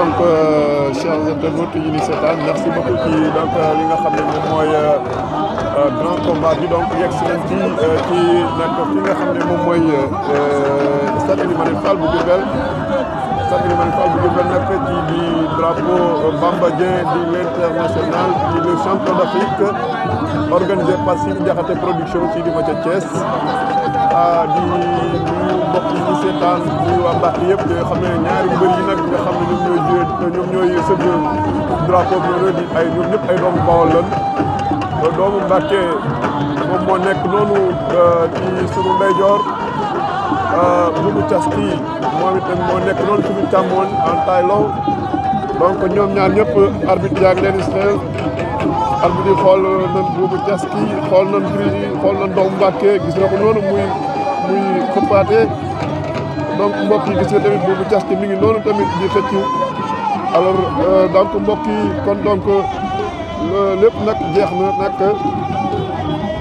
donc euh, chers internautes yu ñu seetaan merci beaucoup ci donc euh, li nga xam ne moom mooy euh, grand combat bi donc yegg si nañ ci ci nag fi nga xam ne moom mooy stade Elimane Fall bu Diourbel stade Elimane Fall bu Diourbel nag ci di drapeau Bamba Dieng di l'international di le champion d'Afrique organisé par Sidi Diakhaté production ci ah, di ma ca Thiès di ñu mbokk yi seetaan bu baax yëpp nga xam ne ñaari mbër yi nag nga xam ñooy jiwe ñoom ñooy sëñ drapeau bi di ay ñoom ñëpp ay doomu Bawol lan doomu Mbàkke moom moo nekk noonu euh, ci sunu ndeyjoor euh, bumu cas kii moom moo nekk noonu sunu càmmoñ en taille longue donc ñoom ñaar ñëpp arbitre yaa ngi leen di arbitre nan buubu cas nan doomu Mbàkke gis na noonu muy muy donc mbokk yi gis nga tamit boobu jas mi ngi noonu tamit di xëccu alors euh, donc mbokk yi kon donc euh, lépp nag jeex na nag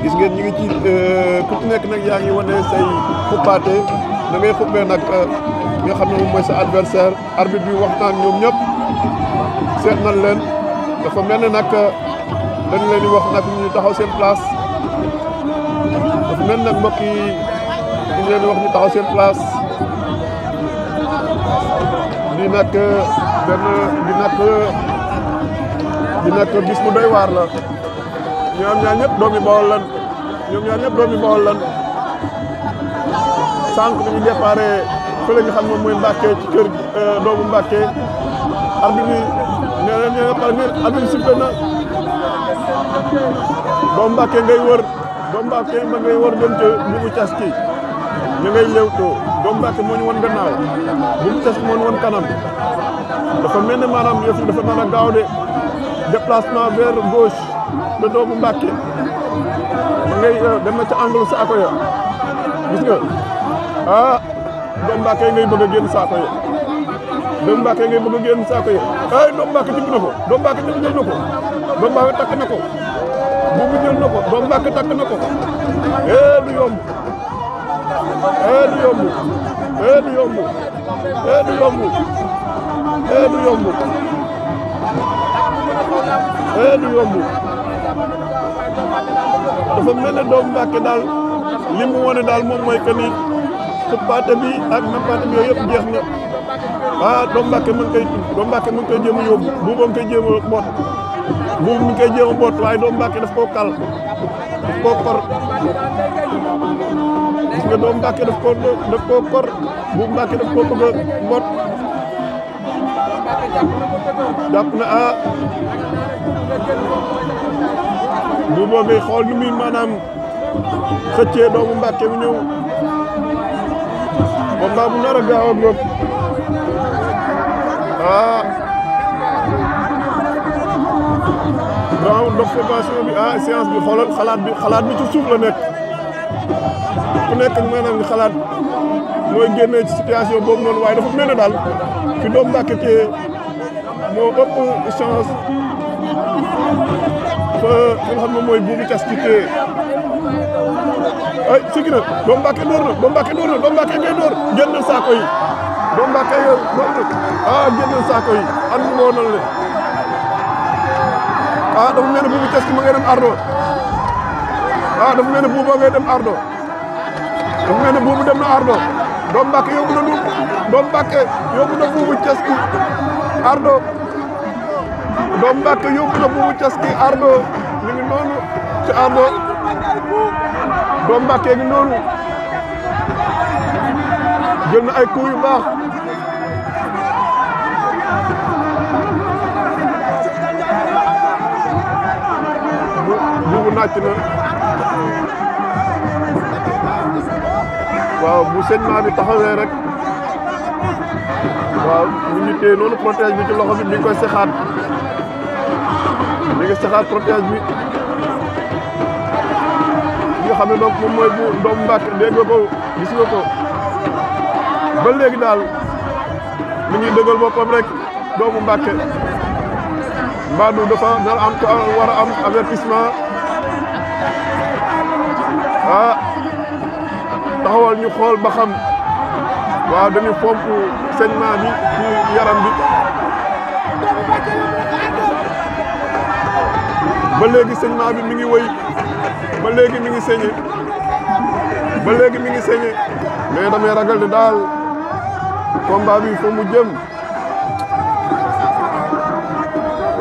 ngeen ñu ngi euh, ci nekk nag yaa ngi wane say xuppaate da ngay xuppee nag nga xam ne moom mooy sa adversaire arbitre bi wax naan ñoom ñëpp seet nañ leen dafa mel ne nag dañ leen di wax nag ñu taxaw seen place dafa mel nag mbokk yi dañ leen di wax ñu taxaw seen place di nag benn di nag di nag bis bu doy waar la ñoom ñaar ñëpp doomi Bawol lan ñoom ñaar ñëpp doomi Bawol lan sànq bi ñu déparé fële nga xam ne mooy Mbàkke ci kër euh, doomu Mbàkke arbitre bi nee na nee na pare nee arbitre bi sifflé na doomu Mbàkke ngay wër doomu Mbàkke ma ngay wër dem ca ñu ngi cas kii ñu ngay léewtoo moom Mbàkke moo ñu woon gannaaw bu mu test moo ñu woon kanam dafa mel ne maanaam yëf dafa nar a gaaw de déplacement vers gauche de doomu Mbàkke ma ngay euh, dem na ca angle saako ya gis nga ah doomu Mbàkke ngay bëgg a ngay bëgg a génn saako ya ay eh, doomu Mbàkke tibb na ko doomu Mbàkke tibb jël na ko doomu Mbàkke takk na ko bu mu jël na ko doomu Mbàkke takk na ko eh, du yomb ee du yomb ee du yomb ee du yomb ee du yomb ee du yomb dafa mel ne doomu Mbàkke daal li mu wone daal moom mooy que ni xuppaate bi ak nappaate bi yooyu yëpp jeex na ah doomu mu ngi koy doomu Mbàkke mu ngi koy jéem a yóbbu buuba mu koy boot waaye doomu Mbàkke daf daf koo kor gis nga daf koo kor bu Mbàkke daf koo bëgg a mbot jàpp na ah bu boobee xool nu muy maanaam xëccee doomu Mbàkke bi ñëw combat bu nar a gaaw a góob ah donc donc formation bi ah xalaat bi xalaat bi ci la nekk. ku nekk maanaam xalaat mooy génnee ci situation boobu noonu waaye dafa mel daal fi doomu Mbàkke tee moo ëpp chance fa nga mooy buubu cas ci tee ay sikki na doomu Mbàkke door na doomu Mbàkke door na door génnal saako yi doomu Mbàkke yor door na ah génnal saako yi ànd moo noonu la ah dafa mel ne buubu cas ma ngay dem ardo ah dafa mel mu mel ne buubu dem na Ardo doom Mbàkke yóbbu na dul doom Mbàkke na buubu cas ki Ardo doom Mbàkke yóbbu na buubu ki Ardo mi ngi noonu ci Ardo doom Mbàkke ngi noonu jël na ay coup baax buubu nàcc na waaw bu saignement bi taxawee rek waaw ñu ngi téye noonu protège bi ci loxo bi ñu ngi koy saxaat ñu ngi saxaat protège bi li nga xam ne donc moom mooy bu doomu Mbàkke dégg nga ko gis nga ko ba léegi daal mi ngi dëggal boppam rek doomu Mbàkke mbaadu dafa dara am war a am avertissement ah. taxawal ñu xool ba xam waaw dañu fomp saignement bi ci yaram ba léegi saignement bi mi ngi wëy ba léegi mi ngi saigné ba léegi mi ngi saigné mais damay ragal ne daal combat bi fa mu jëm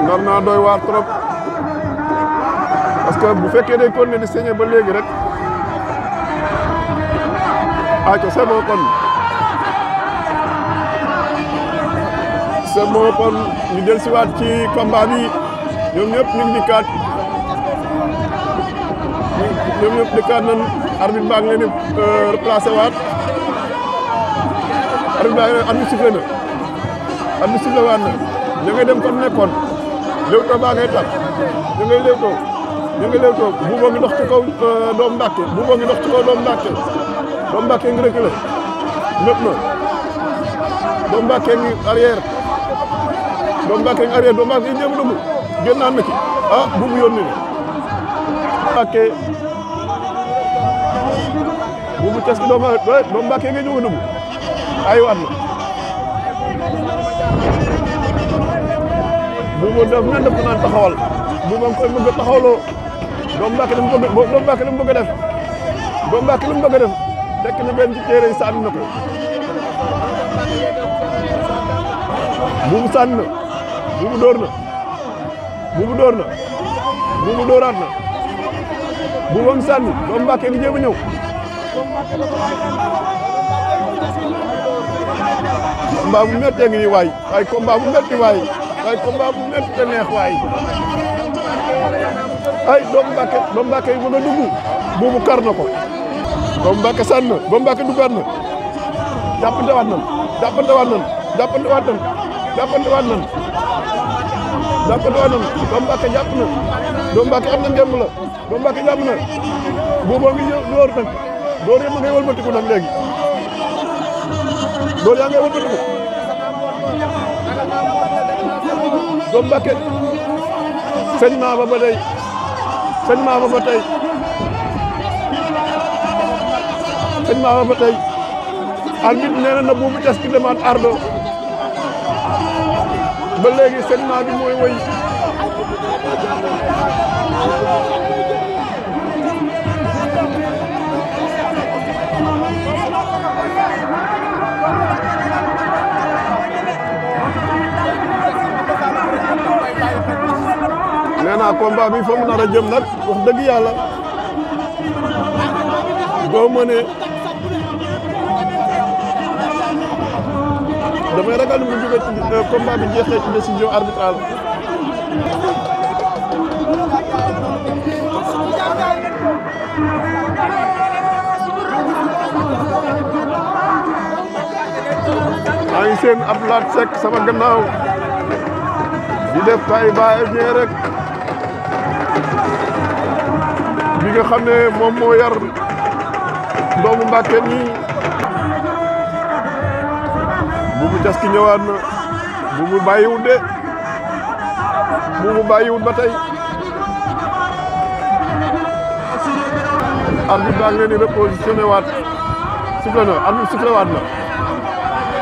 nar naa doy waa trop parce que bu fekkee day continuer di saigné ba léegi rek acca c'est bon kon c'est bon kon ñu del siwaat ci combat bi ñoom ñëpp ñu ngi dikkaat ñoom ñëpp dikkaat nan arbitre baa ngi leen di euh, replacé waat arbitre baa ngi leen arbitre sifflé na na ña dem kon nekkoon léewtoo baa ngay tax ña ngay léewtoo ñu ngi léewtoo buuboo ngi dox ci kaw euh, doomu Mbàkke buuboo ngi dox ci kaw doomu Mbàkke ba Mbacké ngi reculé lépp na ba Mbacké ngi arrière ba Mbacké ngi arrière ba Mbacké ngi jéem a dugg génnaan na ci ah bu mu yónni ne Mbacké bu mu doomu aadama ngi ñëw a dugg ay waat na bu mu def nan def naan taxawal bu ma koy bëgg a taxawaloo doomu Mbacké li bëgg doomu Mbacké li mu def doomu Mbacké li bëgg def fekk na benn ci téere yi sànni na buubu sànni na buubu dóor na buubu dóor na buubu dóoraat na buubam sànni doomu Mbàkke gi jéem a ñëw combat bu méttee ngi nii waay waay combat bu métti waay waay combat bu métti te neex waay ay doomu Mbàkke doomu Mbàkke yi bëgg a dugg buubu kar na ko boobu Mbacke sànn boobu Mbacke duggaat na jàppante waat nan jàppante waat nan jàppante waat nan jàppante waat nan jàppante waat nan boobu Mbacke jàpp na boobu Mbacke am na ngemb la boobu Mbacke maa ba ba tey sëñ maa ba ba tey sëñ Maama ba tey arbitre nee na na buubu tas ki demande ardo ba léegi sëñ Maama bi mooy woy nee naa combat bi fa mu nar nag wax dëgg yàlla boo mënee damay ragal mu jóge ci euh, combat bi jeexee ci décision arbitrale. maa ngi seen Abdoulaye Seck sama gannaaw di def ay baay bien rek bi nga xam ne moom moo yar doomu Mbàkke nii. buubu Jaski ñëwaat na buubu bàyyiwut de buubu bàyyiwut ba tey arbitre daa ngi leen di waat sifflé na arbitre sifflé waat na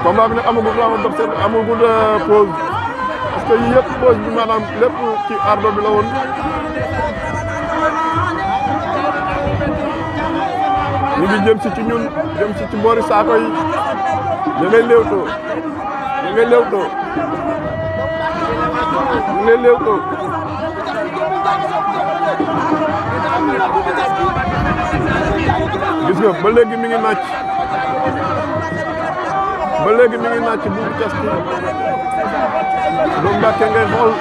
combat bi nag amagul vraiment dox seen amagul euh, pause parce yëpp pause bi maanaam lépp ci ardo bi woon ñu ngi jëm ci ñun jëm ci boori saako yi. ñu ngay léewtoo ñu ngay léewtoo ñu ngay léewtoo gis nga ba léegi mi ngi nàcc ba léegi mi ngi nàcc Boubou Thiasty bu Mbàkke ngay xool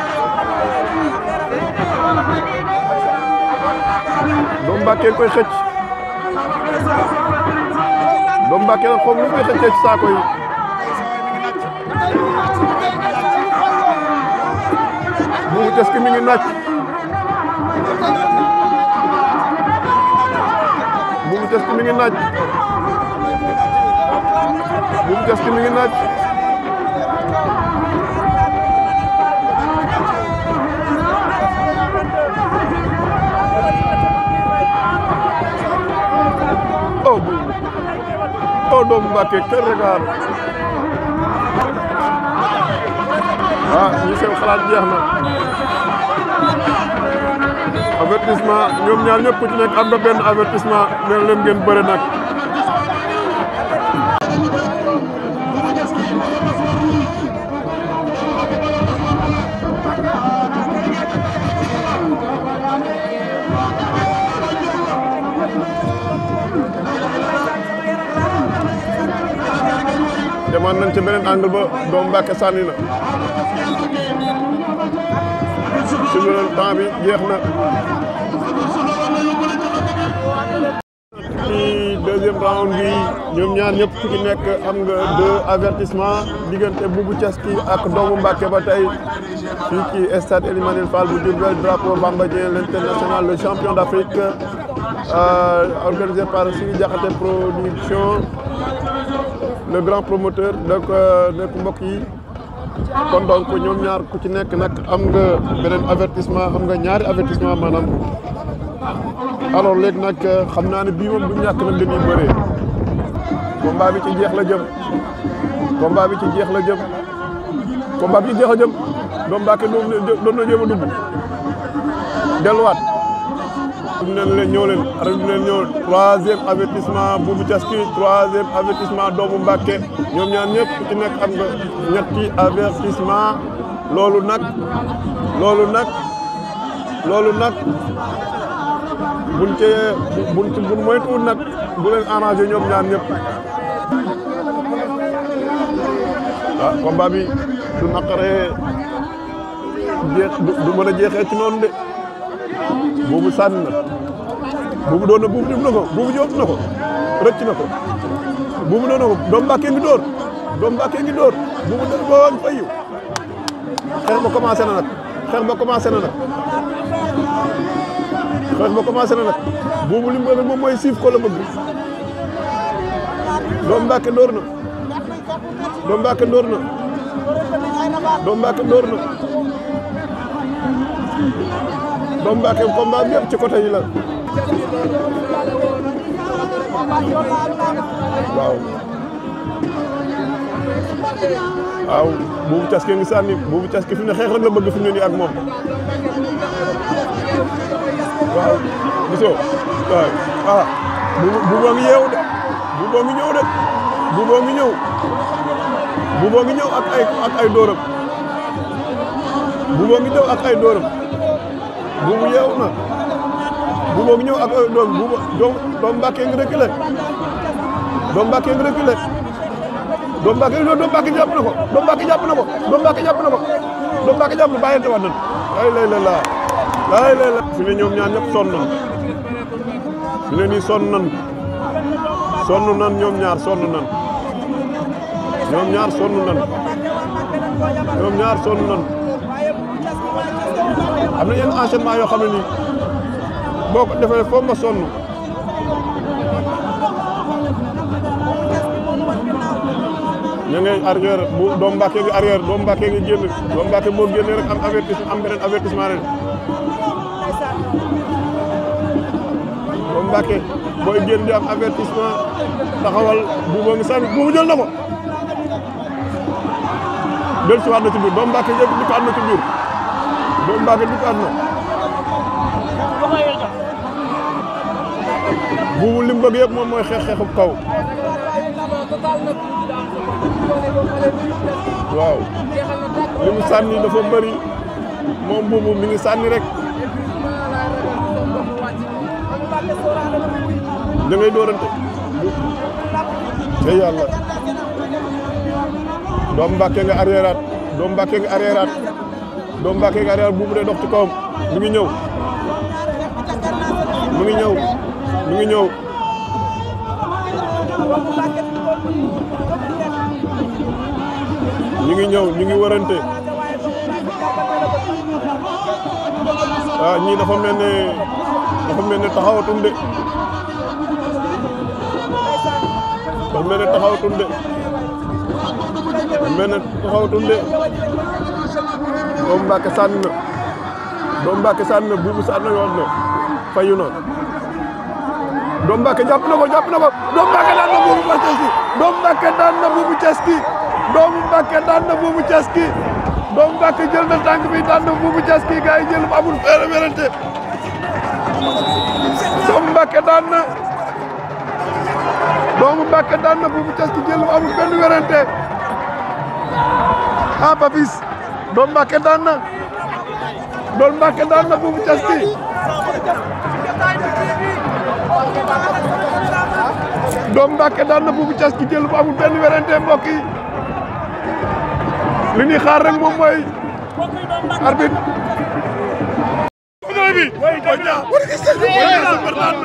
bu Mbàkke koy xëcc doomu Mbàkke nag xool lu muy xëccee saako yi. Boubu Ceski mi ngi naaj. Boubu Ceski mi ngi naaj. Boubu Ceski mi ngi naaj. kaw doomu Mbàkke kër Regar ah ñu xalaat jeex na avertissement ñoom ñaar ñëpp ku ci nekk am na benn avertissement mel leen ngeen bëre nag demaat na si loolu temps bi deuxième round bi ñoom ñaar ñëpp ku nekk am nga deux avertissement diggante Boubou Thiaski ak doomu Mbàkke ba tey fii ci stade Ely bu Diourbel drapeau Bamba l'international le champion d'Afrique euh, organisé par Sidi Diakhaté production le grand promoteur donc nekk mbokk yi kon donc ñoom ñaar ku ci nekk nag am nga beneen avertissement am nga ñaari avertissement maanaam alors léegi nag xam naa ne bii moom du ñàkk na dañuy bëree combat bi ci jeex la jëm combat bi ci jeex la jëm combat bi ci jeex la jëm doom baake doon na jéem a dugg delluwaat bi nee na leen ñëw leen arbitre bi nee na ñëw leen troisième avertissement Boubou Diasky troisième ñëpp ku ci nekk am nga ñetti avertissement loolu nag loolu nag loolu nag buñ ci buñ ci buñ moytuwul nag bu leen arrangé ñoom ñaar ñëpp ah combat bi naqaree jeex du mën a jeexee ci noonu de boobu sànni na buubu doon na buubu def na ko buubu jot na ko rëcc na ko buubu doon na ko doom Mbàkke ngi dóor doom Mbàkke ngi dóor buubu doon boobu fayu xeex ba commencé na nag xeex ba commencé na nag xeex ba commencé na nag buubu li mu bëgg moom mooy siif ko la bëgg doom Mbàkke dóor na doom Mbàkke dóor na doom Mbàkke dóor na doom Mbàkke combat bi yëpp ci côté yi la waaw waaw buubu caske ngi sànni buubu caske fi ne xeex rek la bëgg fi ak moom waaw gisoo waaw ah buubu buuboo ngi yeewu de buuboo ngi ñëw de buuboo ngi ñëw buuboo ngi ñëw ak ay ak ay dóoram buuboo ngi ñëw ak ay dóoram buubu yeewu na buuba ngi ñëw ak doom buuba doom doom Mbàkke ngi reculé doom Mbàkke ngi reculé doom Mbàkke doom Mbàkke jàpp na ko doom Mbàkke jàpp na ko doom Mbàkke jàpp na ko doom Mbàkke jàpp na bàyyante waat nañ ay lay la laa ay lay la fi ne ñoom ñaar ñëpp sonn nañ fi ne nii sonn nañ sonn nañ ñoom ñaar sonn nañ ñoom ñaar sonn nañ ñoom ñaar sonn nañ am na yenn enchaînement yoo xam ne nii boo ko defee foo nga sonn ñu ngi arrière bu doomu Mbàkke gi arrière doomu Mbàkke gi boo génnee rek am avertissement am beneen avertissement rek doomu Mbàkke booy génn di am avertissement taxawal buuba ngi sànni buubu jël na ko del ci waat na ci biir doomu Mbàkke yëpp dikkaat na ci biir doomu Mbàkke dikkaat na buubu li mu bëgg yëpp moom mooy xeex xeexub kaw. waaw li mu sànni dafa bëri moom buubu mi ngi sànni rek. da ngay doorante. te yàlla doom mbàkkee nga arrièreaat doom mbàkkee nga arrièreaat doom mbàkkee nga arrièreaat buubu day dox ci kawam mu ngi ñëw mu ngi ñëw. mu ngi ñëw ñu ngi ñëw ñu ngi warante ah ñii dafa mel ne dafa mel ne taxawatum de dafa mel ne taxawatum de dafa mel ne taxawatum de doomu Mbàkke sànni na doomu Mbàkke sànni na buubu sànni na yoon na Doomu Mbacké jàpp na ko jàpp na ko Doomu Mbacké daan na Boubou Thiaski Doomu Mbacké daan na Boubou Thiaski Doomu Mbacké daan na Boubou Thiaski Doomu Mbacké jël na tànk bi daan na Boubou Thiaski gars yi jël amul feere werante Doomu Mbacké daan na Doomu Mbacké daan na Boubou Thiaski jël amul benn werante ah Papis Doomu Mbacké daan na Doomu Mbacké daan na Boubou Thiaski doom Mbàkke daan na Boubou cas ci jël bu amul benn werante mbokk yi li ñuy xaar rek moom mooy arbitre bi Boy Niang war nga gis Boy Niang sa mbër daan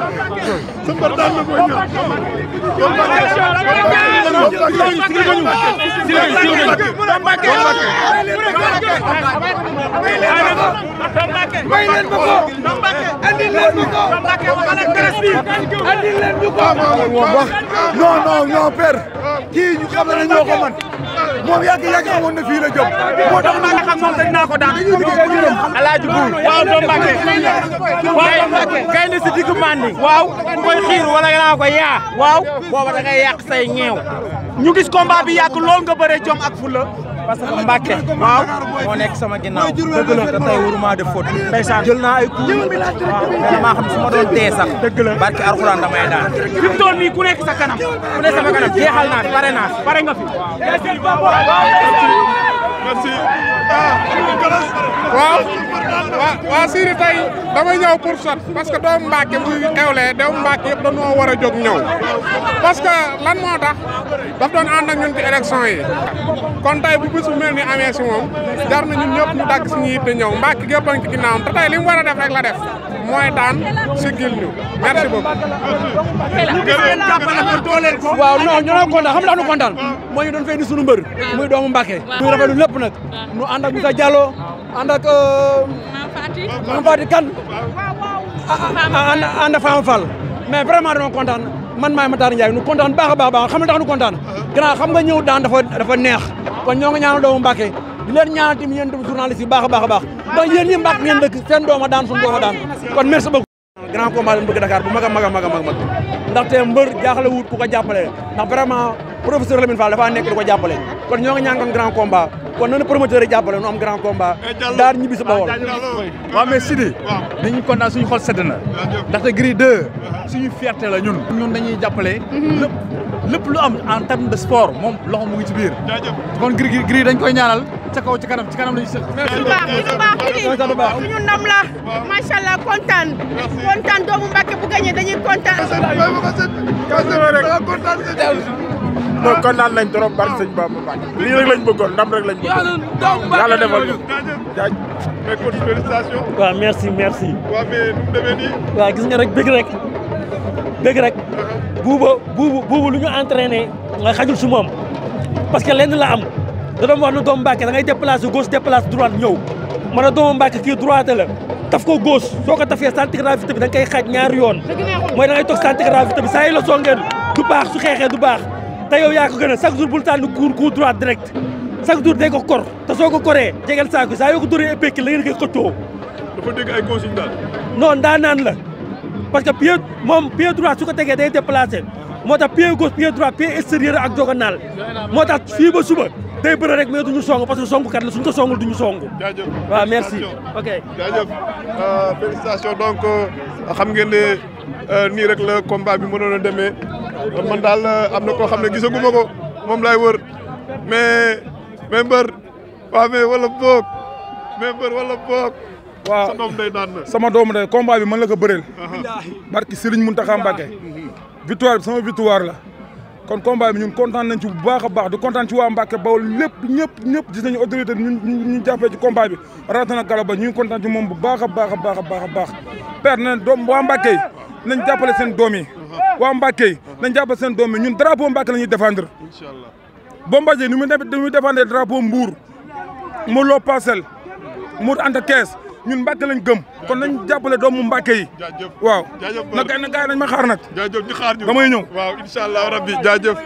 na sa mbër daan na Boy Niang Boy Niang sa mbër daan na moom yàgg yàgg xamoon na fii la jëm moo tax nag xam moom naa ko daan alaaji buur waaw doom Mbàkke waaw gaynde si diggu mandi waaw ku koy xiir wala naa ko yaa waaw booba da ngay say ñeew ñu gis combat bi yàgg lool ak fulla parce que Mbacke waaw moo nekk sama ginnaaw dëgg la te tey wuruma def faute jël naa ay coup waaw mais damaa xam su ma doon tee sax dëgg la barke Alxuraan damay daan fi mu toll ku nekk sa kanam ku nekk sama kanam jeexal naa fi pare naa fi pare nga merci. Ah, waaw waaw waaw Siri tey dama ñëw pour sot parce que doomu Mbàkke buy xewlee doomu Mbàkke yëpp dañoo war a jóg ñëw parce que lan moo tax daf doon ànd ak ñun ci élection yi. kon tey bu bis bu mel ni amee si moom jar na ñun ñëpp ñu dagg suñu yitte ñëw Mbàkke gépp a ngi ci ginnaawam te tey li mu war a def rek la def. mooy daan siggil ñu merci waaw non ñu doon kontaan xam nga lu kontaan moo ñu doon fay di sunu mbër. muy doomu Mbacke. muy rafetlu lépp nag nu ànd ak Moussa Diallo ànd ak. kan ànd ak Fama mais vraiment dañoo kontaan man maay Matar Ndiaye nu kontaan baax baax baax xam nga tax nu kontaan. Uh-huh. gannaaw xam nga ñëw daan dafa neex kon ñoo nga ñaanal doomu Mbacke. di leen ñaanal tamit yéen journaliste yi baax a baax a baax ndax ñi mbàkk ngeen dëkk seen dooma daan suñu kon merci beaucoup grand combat lañ bëgg Dakar bu mag a mag a mag a mbër jaaxle wut ko jàppale ndax vraiment professeur Lamine Fall dafa nekk di ko jàppale kon ñoo ngi ñaangoon grand combat kon noonu promoteur jàppale nu am grand combat eh, daar ñibbi si Bawol eh, waaw mais Sidi dañuy kontaan suñu xol sedd na eh, ndaxte Gris 2 suñu fierté la ñun mm-hmm. de sport moom loxo mu ngi ci biir kon Gris ca kaw ci kanam ci kanam lañu sëg. merci beaucoup baax du baax suñu kontaan. kontaan doomu Mbàkke bu dañuy kontaan. non kontaan nañ trop bari sëñ Bamba Mbàkke rek lañ bëggoon ndam rek lañ bëggoon yàlla defal ko jaaj mais kon gis nga rek bëgg rek bëgg rek buuba buubu lu ñu entraîné nga xajul si parce que lenn la am da doon wax na doomu Mbacke da ngay déplacé gauche déplacé droite ñëw ma doomu Mbacke kii droite la taf ko gauche soo ko tafee centre gravité bi da nga koy xaaj ñaari yoon mooy da ngay toog centre gravité bi saa du baax su xeexee du baax te yow yaa ko gën a chaque jour bul tànn cour coup droite direct chaque jour day ko kor soo ko koree jegel saako saa ko dóoree épéki la ngeen koy xëccoo dafa dégg la parce que moom pied droit su ko tegee day déplacé moo tax pied gauche pied droit pied extérieur moo tax fii suba day bëre rek mais duñu song parce que songkat la suñ ko songul duñu song. jaajëf waaw merci ok. jaajëf euh, félicitations donc euh, xam ngeen ne euh, nii rek la combat bi mënoon a demee man daal am na koo xam ne gisaguma ko moom laay wër mais mais mbër waaw mais wala boog mais mbër wala boog. waaw sa doom day daan na. sama doomu day combat bi mën la ko bëreel. Uh-huh. barki Serigne Mountakha Mbacké. victoire bi sama victoire la. kon combat bi ñun kontaan nañ ci bu baax a baax di kontaan ci waa Mbacke Bawol lépp ñëpp ñëpp gis nañu autorité ñun ñu jàppee ci combat bi rawatina Galo Ba ñu kontaan ci moom bu baax a baax a baax a baax a baax père na doom waa Mbacke yi nañ jàppale seen doom yi waa Mbacke yi nañ jàppale seen doom yi ñun drapeau Mbacke la ñuy défendre Bombardier ni mu dañuy défendre drapeau Mbour mu loo parcelle mu anta kees ñun Mbàkke lañ gëm kon nañ jàppale doomu Mbàkke yi waaw na gaay na gaay nañ ma xaar nag jaajëf ñu xaar ñu damay ñëw waaw incha allah rabbi jaajëf